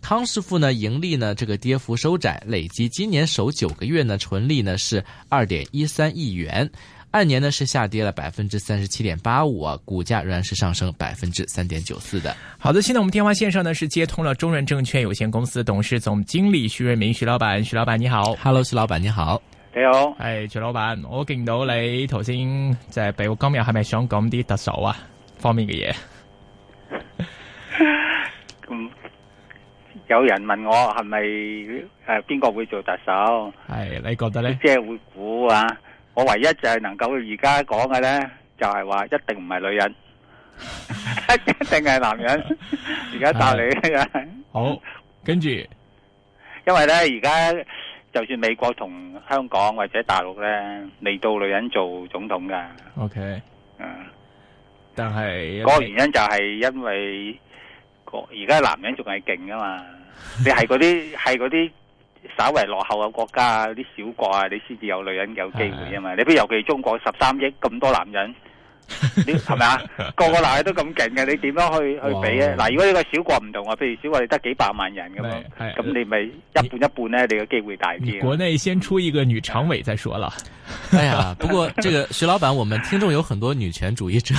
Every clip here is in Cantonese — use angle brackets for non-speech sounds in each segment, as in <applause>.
康師傅呢盈利，呢這個跌幅收窄，累計今年首九個月呢純利呢是二點一三億元，按年呢是下跌了百分之三十七點八五啊，股價仍然是上升百分之三點九四的。好的，現在我們電話線上呢是接通了中潤證券有限公司董事總經理徐潤民徐老闆，徐老闆你好，Hello 徐老闆你好，你好，係、hey, 徐老闆，我見到你頭先，在北俾我今日係咪想講啲特首啊方面嘅嘢？ <laughs> 有人問我係咪誒邊個會做特首？係你覺得呢？即係會估啊！我唯一就係能夠而家講嘅呢，就係話一定唔係女人，一定係男人。而家答你係好，跟住，因為呢而家就算美國同香港或者大陸呢，未到女人做總統嘅。OK。嗯，但係個原因就係因為。而家男人仲係勁啊嘛？你係嗰啲係嗰啲稍為落後嘅國家啊，啲小國啊，你先至有女人有機會啊嘛的？你不如尤其中國十三億咁多男人。 <laughs> 你係咪啊？個個男仔都咁勁嘅，你點樣去去比咧？嗱，如果呢個小國唔同啊，譬如小國你得幾百萬人咁樣，咁、哎哎、你咪一半一半咧，你嘅機會大啲、啊。國內先出一個女常委再說了。哎呀， <laughs> 不過這個徐老闆，我們聽眾有很多女權主義者，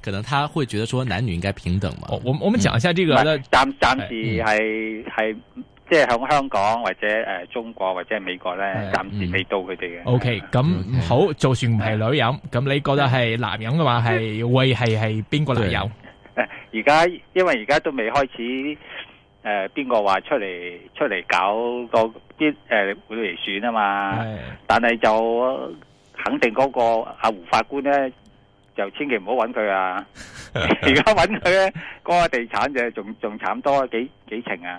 可能他會覺得說男女應該平等嘛。哦、我我們講一下這個暫暫、嗯、時係係。哎嗯是是即係響香港或者誒中國或者係美國咧，暫時未到佢哋嘅。O K，咁好，就算唔係女人，咁你覺得係男人嘅話，係會係係邊個男友？誒，而家因為而家都未開始誒，邊個話出嚟出嚟搞個啲誒會嚟選啊嘛？但係就肯定嗰個阿胡法官咧，就千祈唔好揾佢啊！而家揾佢咧，嗰個地產就仲仲慘多幾幾程啊！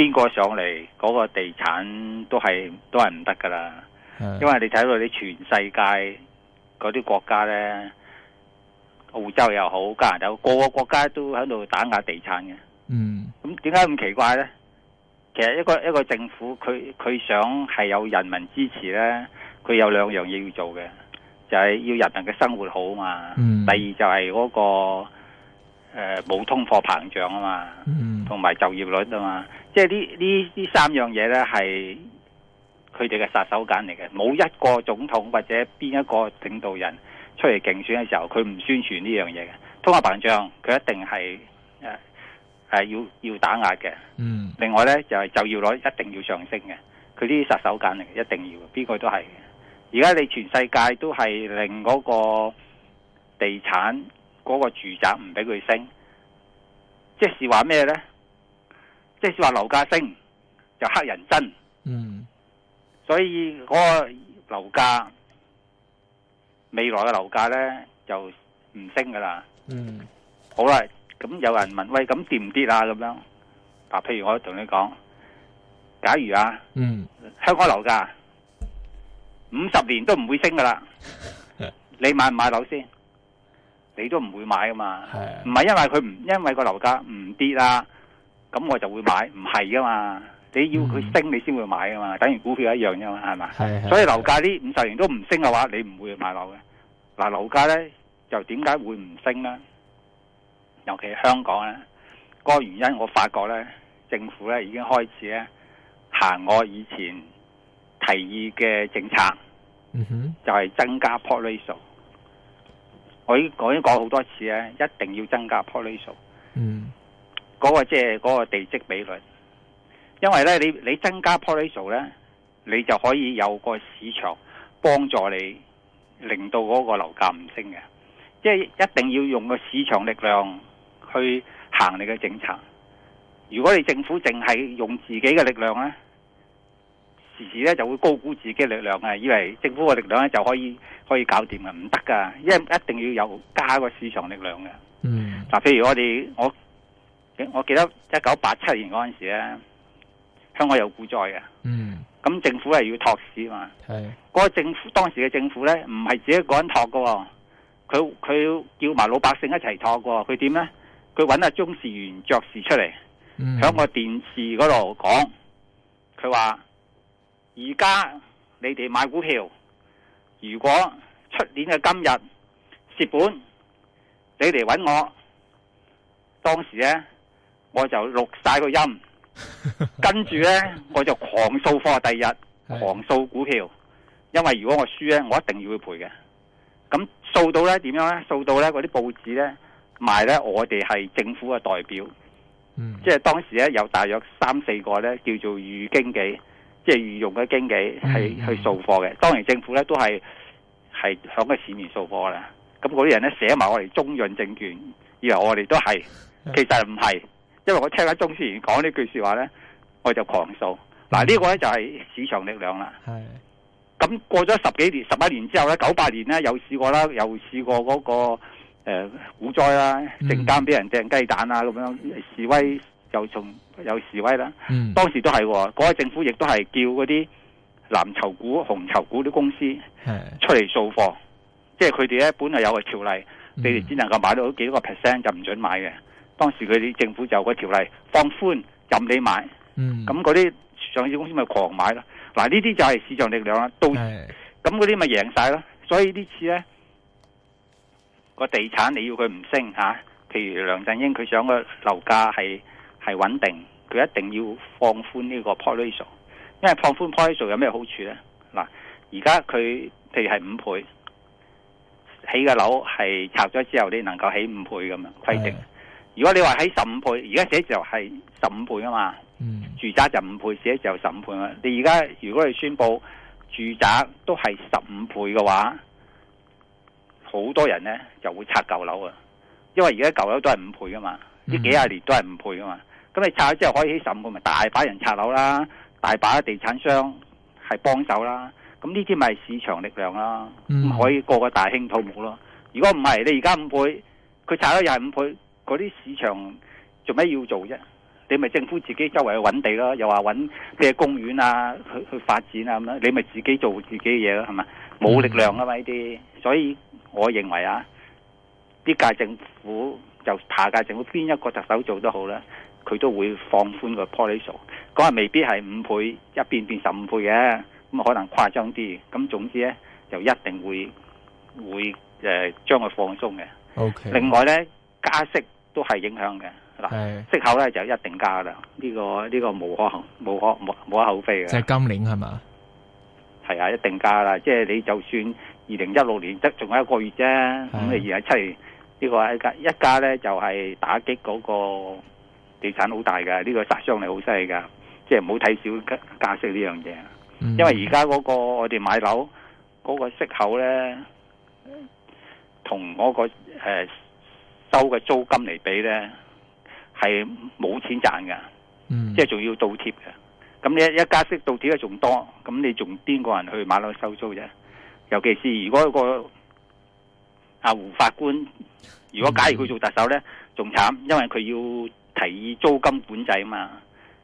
邊個上嚟嗰個地產都係都係唔得噶啦，嗯、因為你睇到你全世界嗰啲國家咧，澳洲又好，加拿大個個國家都喺度打壓地產嘅。嗯，咁點解咁奇怪咧？其實一個一個政府，佢佢想係有人民支持咧，佢有兩樣嘢要做嘅，就係、是、要人民嘅生活好嘛。嗯，第二就係嗰、個。誒、呃，冇通貨膨脹啊嘛，同埋就業率啊嘛，嗯、即係呢呢呢三樣嘢，咧係佢哋嘅殺手鐧嚟嘅。冇一個總統或者邊一個領導人出嚟競選嘅時候，佢唔宣傳呢樣嘢嘅。通貨膨脹佢一定係誒係要要打壓嘅。嗯，另外咧就係、是、就業率一定要上升嘅。佢啲殺手鐧嚟，嘅，一定要邊個都係。而家你全世界都係令嗰個地產，嗰個住宅唔俾佢升，即是話咩呢？即是話樓價升就黑人憎，嗯，所以嗰個樓價未來嘅樓價呢，就唔升噶啦，嗯，好啦，咁有人問喂，咁跌唔跌啊？咁樣，嗱，譬如我同你講，假如啊，嗯，香港樓價五十年都唔會升噶啦， <laughs> 你買唔買樓先？你都唔會買噶嘛，唔係因為佢唔因為個樓價唔跌啦，咁我就會買，唔係噶嘛？你要佢升你先會買噶嘛，嗯、等於股票一樣啫嘛，係嘛，係所以樓價呢五十年都唔升嘅話，你唔會買樓嘅。嗱、啊，樓價呢，又點解會唔升呢？尤其係香港呢，個原因我發覺呢，政府呢已經開始呢，行我以前提議嘅政策，嗯、哼，就係增加 policy 我已經講好多次咧，一定要增加 policy，嗯，嗰個即係嗰個地積比率，因為咧你你增加 policy 咧，你就可以有個市場幫助你，令到嗰個樓價唔升嘅，即係一定要用個市場力量去行你嘅政策。如果你政府淨係用自己嘅力量咧，時時咧就會高估自己力量啊，以為政府嘅力量咧就可以可以搞掂嘅，唔得噶，一一定要有加個市場力量嘅。嗯，嗱，譬如我哋我我記得一九八七年嗰陣時咧，香港有股災嘅。嗯，咁政府係要託市嘛？係。嗰、嗰個政府當時嘅政府咧，唔係自己一個人託嘅，哦，佢佢叫埋老百姓一齊託嘅。佢點咧？佢揾阿鍾士元爵士出嚟，響、嗯、個電視嗰度講，佢話，而家你哋買股票，如果出年嘅今日蝕本，你哋揾我，當時呢我就錄晒個音， <laughs> 跟住呢我就狂掃貨，第日狂掃股票，因為如果我輸呢，我一定要去賠嘅。咁掃到呢點樣呢？掃到呢嗰啲報紙呢，賣呢我哋係政府嘅代表，嗯、即係當時呢有大約三四個呢叫做預經紀。即係御用嘅經紀，係去掃貨嘅。當然政府咧都係係響個市面掃貨啦。咁嗰啲人咧寫埋我哋中潤證券，以為我哋都係，其實唔係。因為我聽阿鍾思源講呢句說話咧，我就狂掃。嗱、這、呢個咧就係市場力量啦。係。咁過咗十幾年、十一年之後咧，九八年咧有試過啦，又試過嗰、那個誒股災啦，證監俾人掟雞蛋啊，咁樣示威又從。有示威啦、嗯，當時都係喎，嗰、嗰個政府亦都係叫嗰啲藍籌股、紅籌股啲公司出嚟掃貨，即係佢哋咧本來有個條例，嗯、你哋只能夠買到幾多個 percent 就唔准買嘅。當時佢哋政府就有個條例放寬，任你買，咁嗰啲上市公司咪狂買咯。嗱呢啲就係市場力量啦。到咁嗰啲咪贏晒咯。所以呢次呢次呢個地產你要佢唔升吓、啊，譬如梁振英佢想個樓價係係穩定。佢一定要放寬呢個 policy，因為放寬 policy 有咩好處咧？嗱，而家佢譬如係五倍起嘅樓係拆咗之後，你能夠起五倍咁樣規定。如果你話喺十五倍，而家寫字樓係十五倍啊嘛。嗯，住宅就五倍，寫字樓十五倍啊。你而家如果你宣布住宅都係十五倍嘅話，好多人咧就會拆舊樓啊，因為而家舊樓都係五倍噶嘛，呢幾廿年都係五倍噶嘛。嗯咁你拆咗之後可以起十五倍，咪、就是、大把人拆樓啦，大把地產商係幫手啦。咁呢啲咪市場力量啦，唔可以個個，個大興土木咯。如果唔係，你而家五倍，佢拆咗廿五倍，嗰啲市場做咩要做啫？你咪政府自己周圍搵地咯，又話搵咩公園啊去去發展啊咁啦，你咪自己做自己嘢咯，係咪？冇力量啊嘛呢啲，嗯、所以我認為啊，呢屆政府就下屆政府邊一個特首做都好啦佢都會放寬個 policy，講話未必係五倍，一邊變十五倍嘅咁，可能誇張啲。咁總之咧，就一定會會誒將佢放鬆嘅。OK，另外咧加息都係影響嘅嗱，息口咧就一定加啦。呢個呢個無可行無可無無可厚非嘅。即係今年係嘛？係啊，一定加啦。即係你就算二零一六年得仲有一個月啫，咁你而家七月呢個一加一加咧，就係打擊嗰個。地產好大嘅，呢、呢個殺傷力好犀利噶，即係唔好睇少加息呢樣嘢。因為而家嗰個我哋買樓嗰、嗰個息口咧，同我、嗰個誒、呃、收嘅租金嚟比咧，係冇錢賺嘅、嗯，即係仲要倒貼嘅。咁你一加息倒貼仲多，咁你仲邊個人去買樓收租啫？尤其是如果、個阿、啊、胡法官，如果假如佢做特首咧，仲、嗯、慘，因為佢要。提議租金管制啊嘛，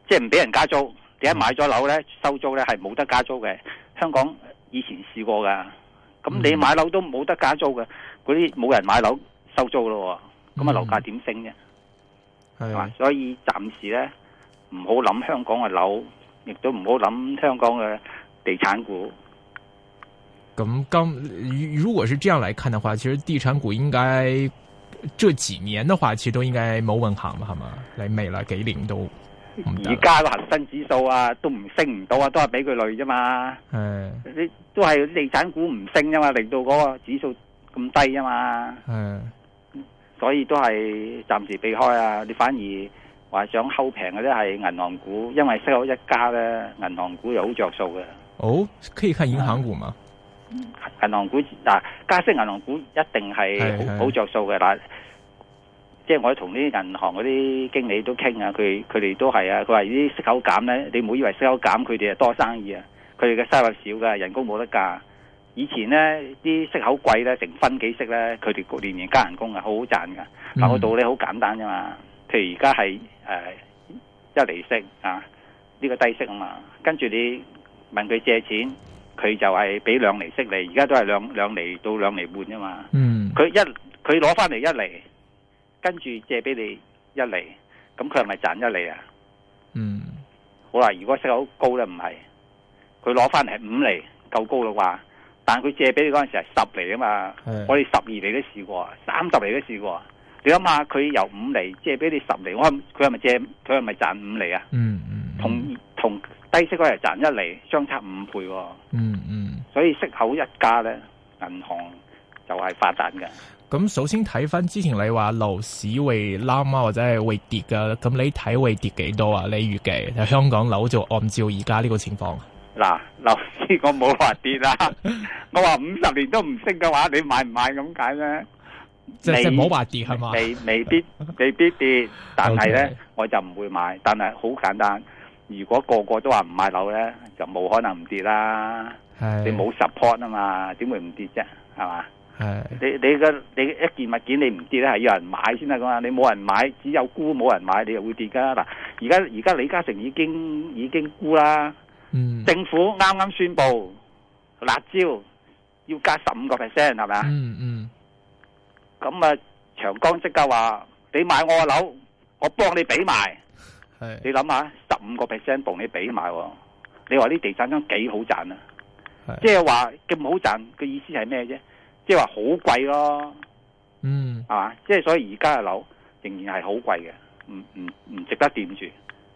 即係唔俾人加租。點解買咗樓咧收租咧係冇得加租嘅？香港以前試過噶，咁你買樓都冇得加租嘅，嗰啲冇人買樓收租咯，咁啊樓價點升啫？係、嗯、嘛，所以暫時咧唔好諗香港嘅樓，亦都唔好諗香港嘅地產股。咁今如如果係這樣嚟看的話，其實地產股應該。這幾年的話，其實都應該冇運行係嘛？你未啦幾年都，而家個恒生指數啊，都唔升唔到啊，都係俾佢累啫嘛。係，你都係地產股唔升啊嘛，令到嗰個指數咁低啊嘛。係，所以都係暫時避開啊。你反而話想溝平嗰啲係銀行股，因為適合一家咧，銀行股又好着數嘅。哦，可以看銀行股嘛。銀行股嗱、啊，加息銀行股一定係好着數嘅嗱，即係、啊就是、我同啲銀行嗰啲經理都傾啊，佢佢哋都係啊，佢話啲息口減咧，你唔好以為息口減，佢哋係多生意啊，佢哋嘅收入少噶，人工冇得加。以前咧啲息口貴咧，成分幾息咧，佢哋年年加人工、嗯、啊，好好賺噶。嗱，個道理好簡單啫嘛。譬如而家係誒一厘息啊，呢、啊這個低息啊嘛，跟住你問佢借錢。佢就係俾兩厘息嚟，而家都係兩兩釐到兩厘半啫嘛。嗯，佢一佢攞翻嚟一厘，跟住借俾你一厘，咁佢係咪賺一釐啊？嗯，好啦，如果息好高咧唔係，佢攞翻嚟係五厘，夠高嘅話，但係佢借俾你嗰陣時係十厘啊嘛。我哋十二厘都試過，三十厘都試過。你諗下，佢由五厘借俾你十厘，我佢係咪借？佢係咪賺五厘啊？嗯嗯，嗯，同同。低息嗰日賺一厘，相差五倍，哦。嗯嗯，所以息口一加咧，銀行就係發達嘅。咁、嗯嗯、首先睇翻之前你話樓市會 down 啊，或者係會跌嘅。咁你睇會跌幾多啊？你預計香港樓就按照而家呢個情況。嗱，樓市我冇話跌啦， <laughs> 我話五十年都唔升嘅話，你買唔買咁解咧？ <laughs> 你冇話跌係嘛？你未必未必跌，但係咧、okay. 我就唔會買。但係好簡單。如果個個都話唔買樓咧，就冇可能唔跌啦。係你冇 support 啊嘛，點會唔跌啫？係嘛？係你你個你一件物件你唔跌咧，係要有人買先啦。講啊，你冇人買，只有沽，冇人買，你又會跌噶。嗱，而家而家李嘉誠已經已經沽啦。嗯。政府啱啱宣布，辣招要加十五個 percent，係咪啊？嗯嗯。咁啊，長江即刻話：你買我嘅樓，我幫你俾埋。係。你諗下。五個 percent 同你比埋，你話啲地產商幾好賺啊？即係話咁好賺嘅意思係咩啫？即係話好貴咯，嗯，嗯，係嘛？即係所以而家嘅樓仍然係好貴嘅，唔唔唔值得掂住。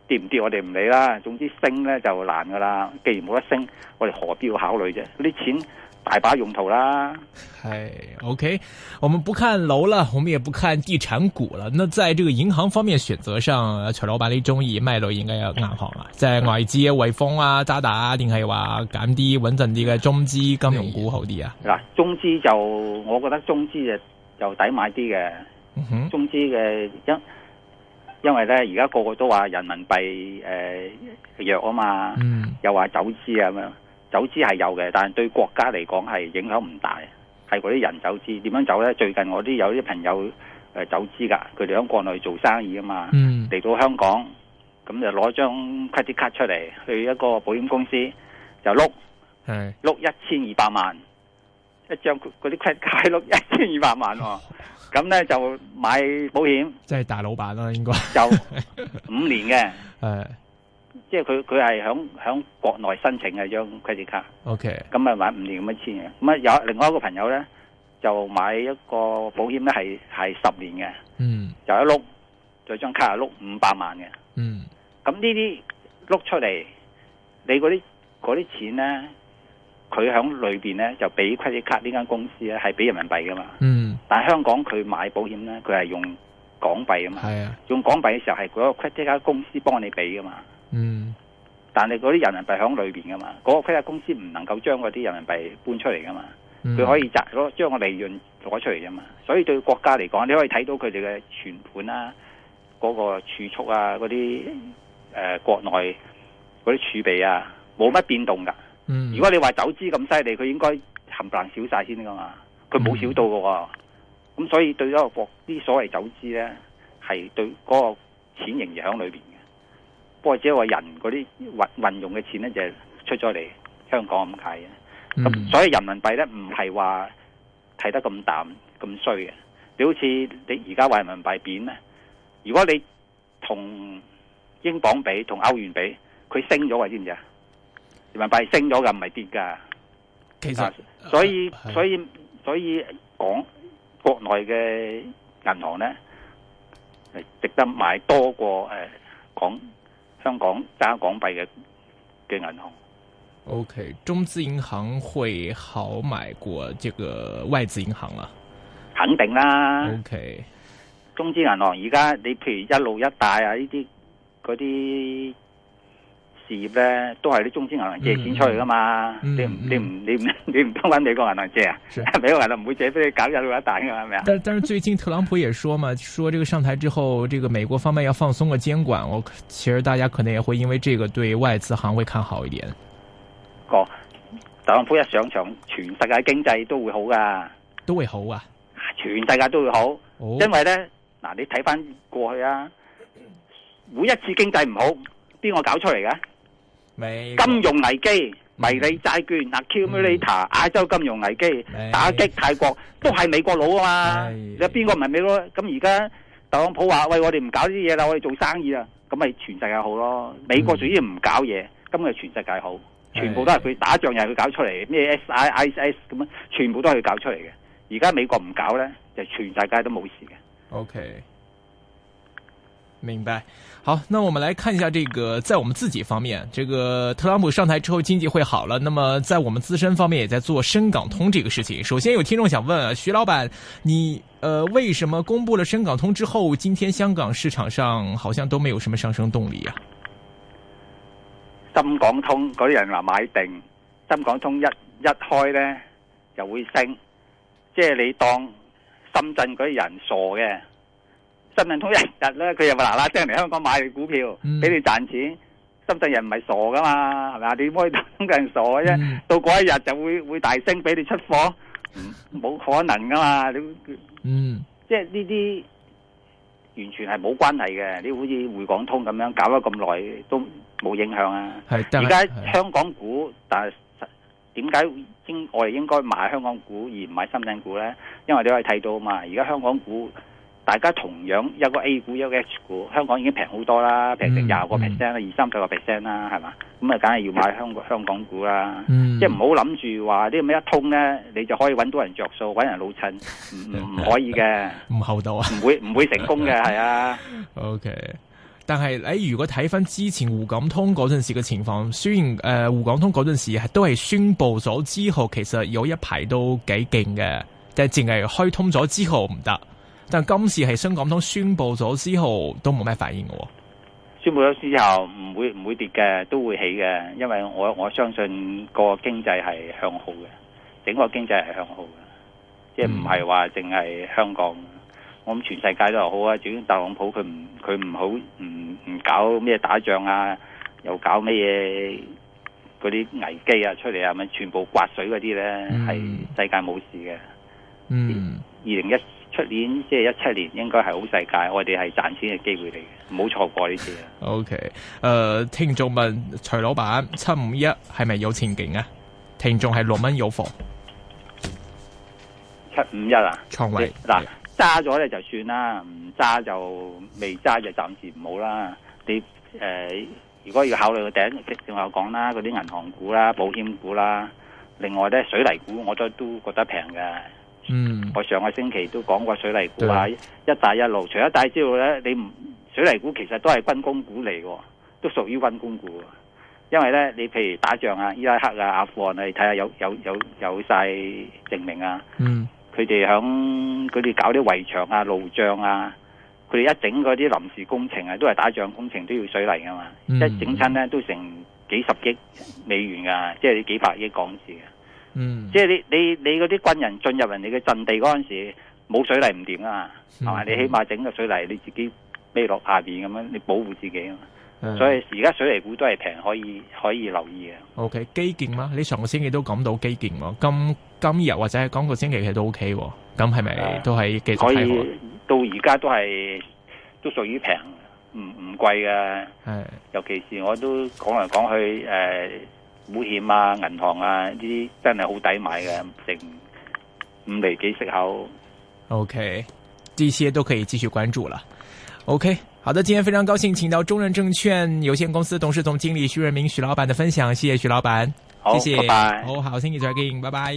掂唔掂我哋唔理啦，總之升咧就難噶啦。既然冇得升，我哋何必要考慮啫？啲錢。大把用途啦，係、hey, OK。我們不看樓啦，我們也不看地產股了。那在這個銀行方面選擇上，徐老闆你中意咩類型嘅銀行啊？即 <laughs> 係外資嘅匯豐啊、渣打啊，定係話揀啲穩陣啲嘅中資金融股好啲啊？嗱， <laughs> 中資就我覺得中資就就抵買啲嘅。嗯、哼，中資嘅因因為咧，而家個個都話人民幣誒、呃、弱啊嘛，嗯、又話走資啊咁樣。走資係有嘅，但係對國家嚟講係影響唔大，係嗰啲人走資點樣走咧？最近我都有啲朋友誒、呃、走資㗎，佢哋喺國內做生意啊嘛，嚟、嗯、到香港咁就攞張 credit card 出嚟，去一個保險公司就碌，碌一千二百萬，一張嗰啲 credit card 碌一千二百萬喎、哦，咁 <laughs> 咧就買保險，即係大老闆啦、啊、應該，有五年嘅，係。 <laughs> 即係佢佢係響響國內申請嘅張 credit card，OK，咁咪買五年咁樣簽嘅。咁啊有另外一個朋友咧，就買一個保險咧，係係十年嘅，嗯，就一碌，再張卡又碌五百萬嘅，嗯，咁呢啲碌出嚟，你嗰啲啲錢咧，佢響裏邊咧就俾 credit card。呢間公司咧係俾人民幣噶嘛，嗯，但係香港佢買保險咧，佢係用港幣啊嘛，係啊，用港幣嘅時候係嗰個 credit card 公司幫你俾噶嘛。嗯，但係嗰啲人民幣喺裏邊噶嘛，嗰、嗰個基金公司唔能夠將嗰啲人民幣搬出嚟噶嘛，佢、嗯、可以賺咗將個利潤攞出嚟啫嘛。所以對國家嚟講，你可以睇到佢哋嘅存款啊，嗰、嗰個儲蓄啊，嗰啲誒國內嗰啲儲備啊，冇乜變動噶、嗯。如果你話走資咁犀利，佢應該冚唪唥少晒先噶嘛，佢冇少到噶、啊。咁、嗯、所以對一個國啲所謂走資咧，係對嗰個錢仍然喺裏邊。不過只係話人嗰啲運運用嘅錢咧，就係出咗嚟香港咁解嘅。咁、嗯、所以人民幣咧唔係話睇得咁淡咁衰嘅。你好似你而家話人民幣貶咧，如果你同英鎊比、同歐元比，佢升咗喎，知唔知啊？人民幣升咗噶，唔係跌噶。其實，啊、所以所以所以講國內嘅銀行咧係值得買多過誒港。呃香港揸港幣嘅嘅銀行，OK，中資銀行會好買過這個外資銀行啦、啊，肯定啦。OK，中資銀行而家你譬如一路一帶啊呢啲嗰啲。事業咧都係啲中資銀行借錢出去噶嘛？嗯嗯嗯、你唔你唔你唔你唔通揾美國銀行借啊？美國銀行唔會借俾你搞日料一蛋噶嘛？係咪啊？但但是最近特朗普也說嘛， <laughs> 說這個上台之後，這個美國方面要放鬆個監管。我其實大家可能也會因為這個對外資行會看好一點啊。個、哦、特朗普一上場，全世界經濟都會好噶，都會好啊，全世界都會好。哦、因為咧嗱、啊，你睇翻過去啊，每一次經濟唔好，邊個搞出嚟嘅？金融危機，迷你債券嗱，accumulator 亞洲金融危機，嗯、打擊泰國都係美國佬啊嘛，哎、你邊個唔係美國？咁而家特朗普話喂，我哋唔搞呢啲嘢啦，我哋做生意啦，咁咪全世界好咯。美國主要唔搞嘢，咁、嗯、咪全世界好，全部都係佢打仗又係佢搞出嚟，咩 ISIS 咁啊，全部都係佢搞出嚟嘅。而家美國唔搞咧，就是、全世界都冇事嘅。O K。明白，好，那我們來看一下這個，在我們自己方面，這個特朗普上台之後經濟會好了。那麼，在我們自身方面，也在做深港通這個事情。首先，有聽眾想問啊，徐老闆，你呃，為什麼公布了深港通之後，今天香港市場上好像都沒有什麼上升動力啊？深港通嗰啲人話買定，深港通一一開呢就會升，即係你當深圳嗰啲人傻嘅。深圳通一日咧、啊，佢又話嗱嗱聲嚟香港買的股票，俾、嗯、你賺錢。深圳人唔係傻噶嘛，係咪啊？你可以當嘅人傻嘅啫、嗯？到嗰一日就會會大升，俾你出貨。冇、嗯、可能噶嘛？你嗯，即係呢啲完全係冇關係嘅。你好似滬港通咁樣搞咗咁耐都冇影響啊。而家香港股，是但係點解應我哋應該買香港股而唔買深圳股咧？因為你可以睇到嘛，而家香港股。大家同樣一個 A 股一個 H 股，香港已經平好多啦，平成廿個 percent 啦，二三十個 percent 啦，係嘛？咁啊，梗係要買香港香港股啦、嗯，即係唔好諗住話啲咩一通咧，你就可以揾到人着數，揾人老襯，唔可以嘅，唔 <laughs> 厚道啊，唔會唔會成功嘅係 <laughs> 啊。OK，但係你如果睇翻之前滬港通嗰陣時嘅情況，雖然誒滬港通嗰陣時係都係宣布咗之後，其實有一排都幾勁嘅，但係淨係開通咗之後唔得。但今次係香港都宣布咗之後，都冇咩反應嘅。宣布咗之後，唔會唔會跌嘅，都會起嘅。因為我我相信個經濟係向好嘅，整個經濟係向好嘅，即係唔係話淨係香港，我諗全世界都好啊。主要特朗普佢唔佢唔好唔唔搞咩打仗啊，又搞咩嘢嗰啲危機啊出嚟啊咁，全部刮水嗰啲咧，係世界冇事嘅。嗯，二零一。出年即係一七年，應該係好世界，我哋係賺錢嘅機會嚟嘅，唔好錯過呢次啊。O K，誒，聽眾問徐老板七五一係咪有前景啊？聽眾係六蚊有房，七五一啊？倉位嗱，揸咗咧就算啦，唔揸就未揸就暫時唔好啦。你誒、呃，如果要考慮嘅第一，正話講啦，嗰啲銀行股啦、保險股啦，另外咧水泥股，我都都覺得平嘅。嗯，我上個星期都講過水泥股啊，一帶一路除咗帶之外，咧，你唔水泥股其實都係軍工股嚟嘅，都屬於軍工股的。因為咧，你譬如打仗啊，伊拉克啊、阿富汗啊，你睇下有有有有晒證明啊。嗯。佢哋響佢哋搞啲圍牆啊、路障啊，佢哋一整嗰啲臨時工程啊，都係打仗工程，都要水泥噶嘛、嗯。一整親咧，嗯、都成幾十億美元啊，即係幾百億港紙嘅，啊。嗯，即係你你你嗰啲軍人進入人哋嘅陣地嗰陣時候，冇水泥唔掂啊，係、嗯、嘛、啊？你起碼整個水泥，你自己孭落下面咁樣，你保護自己啊、嗯。所以而家水泥股都係平，可以可以留意啊。O、okay, K，基建啦，你上個星期都講到基建喎，今今日或者係講個星期其實都 O K，咁係咪都係繼續睇？嗯、可以到而家都係都屬於平，唔唔貴嘅。係、嗯，尤其是我都講嚟講去誒。呃保險啊，銀行啊，呢啲真係好抵買嘅，成五厘幾息口。O K，呢些都可以繼續關注啦。O、okay, K，好的，今天非常高興，請到中人證券有限公司董事總經理徐潤民徐老闆的分享，謝謝徐老闆，好謝謝，拜拜，好好，下個星期再見，拜拜。